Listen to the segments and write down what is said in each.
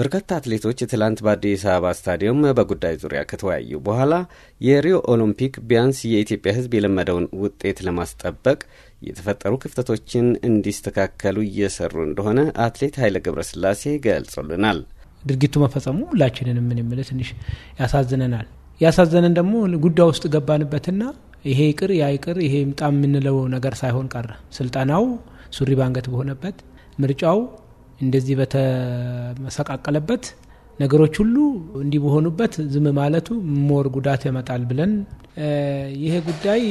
በርካታ አትሌቶች ትላንት በአዲስ አበባ ስታዲየም በጉዳይ ዙሪያ ከተወያዩ በኋላ የሪዮ ኦሎምፒክ ቢያንስ የኢትዮጵያ ሕዝብ የለመደውን ውጤት ለማስጠበቅ የተፈጠሩ ክፍተቶችን እንዲስተካከሉ እየሰሩ እንደሆነ አትሌት ኃይለ ገብረስላሴ ገልጾልናል። ድርጊቱ መፈጸሙ ሁላችንንም ምን የምልህ ትንሽ ያሳዝነናል። ያሳዘነን ደግሞ ጉዳይ ውስጥ ገባንበትና ይሄ ይቅር ያ ይቅር ይሄ ይምጣ የምንለው ነገር ሳይሆን ቀረ። ስልጠናው ሱሪ ባንገት በሆነበት ምርጫው እንደዚህ በተመሰቃቀለበት ነገሮች ሁሉ እንዲህ በሆኑበት ዝም ማለቱ ሞር ጉዳት ያመጣል ብለን ይሄ ጉዳይ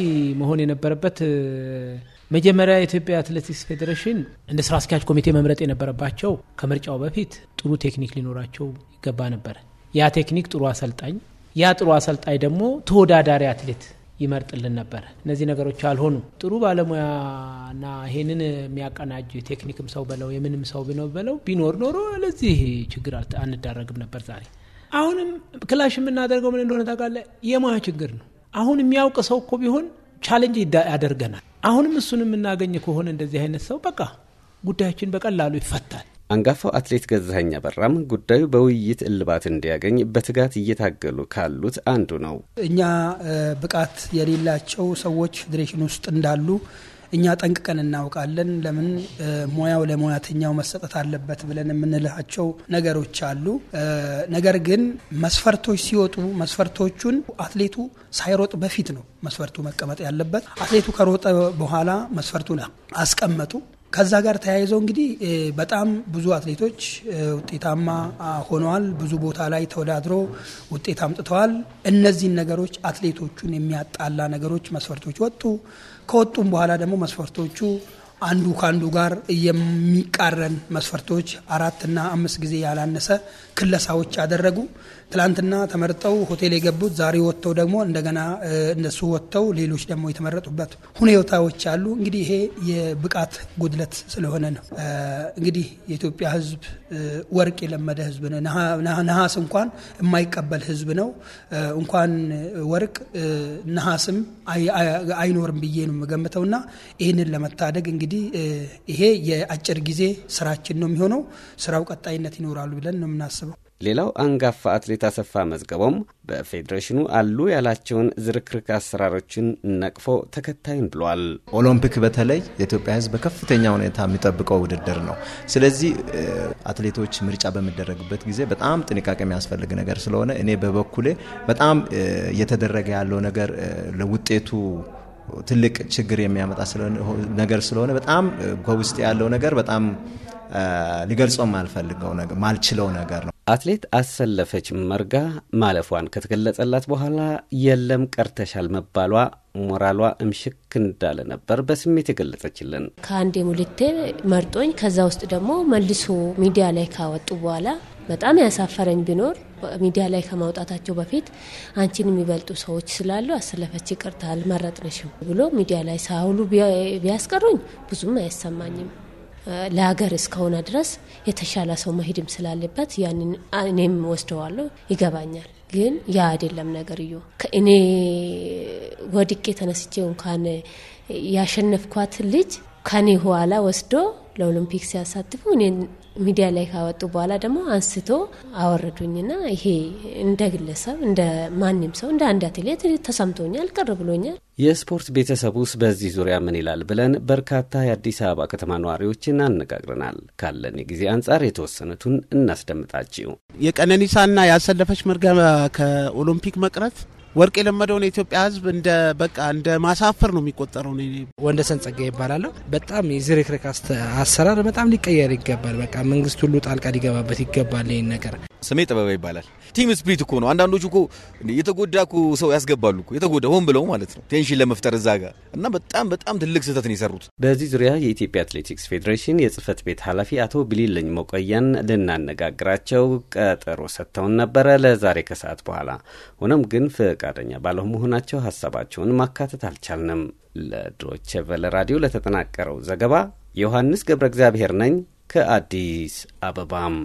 መሆን የነበረበት መጀመሪያ የኢትዮጵያ አትሌቲክስ ፌዴሬሽን እንደ ስራ አስኪያጅ ኮሚቴ መምረጥ የነበረባቸው ከምርጫው በፊት ጥሩ ቴክኒክ ሊኖራቸው ይገባ ነበር። ያ ቴክኒክ ጥሩ አሰልጣኝ፣ ያ ጥሩ አሰልጣኝ ደግሞ ተወዳዳሪ አትሌት ይመርጥልን ነበር። እነዚህ ነገሮች አልሆኑ። ጥሩ ባለሙያና ይሄንን የሚያቀናጅ ቴክኒክም ሰው በለው የምንም ሰው ነው በለው ቢኖር ኖሮ ለዚህ ችግር አንዳረግም ነበር። ዛሬ አሁንም ክላሽ የምናደርገው ምን እንደሆነ ታውቃለህ? የሙያ ችግር ነው። አሁን የሚያውቅ ሰው እኮ ቢሆን ቻለንጅ ያደርገናል። አሁንም እሱን የምናገኝ ከሆነ እንደዚህ አይነት ሰው በቃ ጉዳያችን በቀላሉ ይፈታል። አንጋፋው አትሌት ገዛኸኝ አበራም ጉዳዩ በውይይት እልባት እንዲያገኝ በትጋት እየታገሉ ካሉት አንዱ ነው። እኛ ብቃት የሌላቸው ሰዎች ፌዴሬሽን ውስጥ እንዳሉ እኛ ጠንቅቀን እናውቃለን። ለምን ሙያው ለሙያተኛው መሰጠት አለበት ብለን የምንልሃቸው ነገሮች አሉ። ነገር ግን መስፈርቶች ሲወጡ መስፈርቶቹን አትሌቱ ሳይሮጥ በፊት ነው መስፈርቱ መቀመጥ ያለበት። አትሌቱ ከሮጠ በኋላ መስፈርቱን አስቀመጡ። ከዛ ጋር ተያይዘው እንግዲህ በጣም ብዙ አትሌቶች ውጤታማ ሆነዋል። ብዙ ቦታ ላይ ተወዳድሮ ውጤት አምጥተዋል። እነዚህን ነገሮች አትሌቶቹን የሚያጣላ ነገሮች መስፈርቶች ወጡ። ከወጡም በኋላ ደግሞ መስፈርቶቹ አንዱ ከአንዱ ጋር የሚቃረን መስፈርቶች አራትና አምስት ጊዜ ያላነሰ ክለሳዎች አደረጉ። ትላንትና ተመርጠው ሆቴል የገቡት ዛሬ ወጥተው ደግሞ እንደገና እነሱ ወጥተው ሌሎች ደግሞ የተመረጡበት ሁኔታዎች አሉ። እንግዲህ ይሄ የብቃት ጉድለት ስለሆነ ነው። እንግዲህ የኢትዮጵያ ሕዝብ ወርቅ የለመደ ሕዝብ ነው። ነሐስ እንኳን የማይቀበል ሕዝብ ነው። እንኳን ወርቅ ነሐስም አይኖርም ብዬ ነው የምገምተውና ይህንን ለመታደግ እንግዲህ እንግዲህ ይሄ የአጭር ጊዜ ስራችን ነው የሚሆነው። ስራው ቀጣይነት ይኖራሉ ብለን ነው የምናስበው። ሌላው አንጋፋ አትሌት አሰፋ መዝገቦም በፌዴሬሽኑ አሉ ያላቸውን ዝርክርክ አሰራሮችን ነቅፎ ተከታዩን ብሏል። ኦሎምፒክ በተለይ የኢትዮጵያ ሕዝብ በከፍተኛ ሁኔታ የሚጠብቀው ውድድር ነው። ስለዚህ አትሌቶች ምርጫ በሚደረግበት ጊዜ በጣም ጥንቃቄ የሚያስፈልግ ነገር ስለሆነ እኔ በበኩሌ በጣም እየተደረገ ያለው ነገር ለውጤቱ ትልቅ ችግር የሚያመጣ ነገር ስለሆነ በጣም ከውስጥ ያለው ነገር በጣም ሊገልጾ ማልፈልገው ማልችለው ነገር ነው። አትሌት አሰለፈች መርጋ ማለፏን ከተገለጸላት በኋላ የለም ቀርተሻል መባሏ ሞራሏ እምሽክ እንዳለ ነበር በስሜት የገለጸችልን። ከአንዴ ሙልቴ መርጦኝ ከዛ ውስጥ ደግሞ መልሶ ሚዲያ ላይ ካወጡ በኋላ በጣም ያሳፈረኝ ቢኖር ሚዲያ ላይ ከማውጣታቸው በፊት አንቺን የሚበልጡ ሰዎች ስላሉ አሰለፈች ይቅርታ አልመረጥንሽም ብሎ ሚዲያ ላይ ሳውሉ ቢያስቀሩኝ ብዙም አይሰማኝም። ለሀገር እስከሆነ ድረስ የተሻለ ሰው መሄድም ስላለበት ያንን እኔም ወስደዋለሁ፣ ይገባኛል። ግን ያ አይደለም እዩ እኔ ወድቄ ተነስቼ እንኳን ያሸነፍኳት ልጅ ከኔ ኋላ ወስዶ ለኦሎምፒክ ሲያሳትፉ እኔን ሚዲያ ላይ ካወጡ በኋላ ደግሞ አንስቶ አወረዱኝና ይሄ እንደ ግለሰብ እንደ ማንም ሰው እንደ አንድ አትሌት ተሰምቶኛል፣ ቅር ብሎኛል። የስፖርት ቤተሰብ ውስጥ በዚህ ዙሪያ ምን ይላል ብለን በርካታ የአዲስ አበባ ከተማ ነዋሪዎችን አነጋግረናል። ካለን የጊዜ አንጻር የተወሰኑትን እናስደምጣችው። የቀነኒሳና ያሰለፈች መርጋ ከኦሎምፒክ መቅረት ወርቅ የለመደውን የኢትዮጵያ ሕዝብ እንደ በቃ እንደ ማሳፈር ነው የሚቆጠረው። ወንደሰን ጸጋ ይባላለሁ። በጣም የዝርክርክ አሰራር በጣም ሊቀየር ይገባል። በቃ መንግስት ሁሉ ጣልቃ ሊገባበት ይገባል። ይህን ነገር ስሜ ጥበባ ይባላል። ቲም ስፕሪት እኮ ነው። አንዳንዶቹ እኮ የተጎዳ ሰው ያስገባሉ። የተጎዳ ሆን ብለው ማለት ነው ቴንሽን ለመፍጠር እዛ ጋር እና በጣም በጣም ትልቅ ስህተት ነው የሰሩት። በዚህ ዙሪያ የኢትዮጵያ አትሌቲክስ ፌዴሬሽን የጽህፈት ቤት ኃላፊ አቶ ቢሊለኝ መቆያን ልናነጋግራቸው ቀጠሮ ሰጥተውን ነበረ ለዛሬ ከሰዓት በኋላ ሆኖም ግን ፈቃደኛ ባለመሆናቸው ሀሳባቸውን ማካተት አልቻልንም። ለዶቼ ቨለ ራዲዮ ለተጠናቀረው ዘገባ ዮሐንስ ገብረ እግዚአብሔር ነኝ ከአዲስ አበባም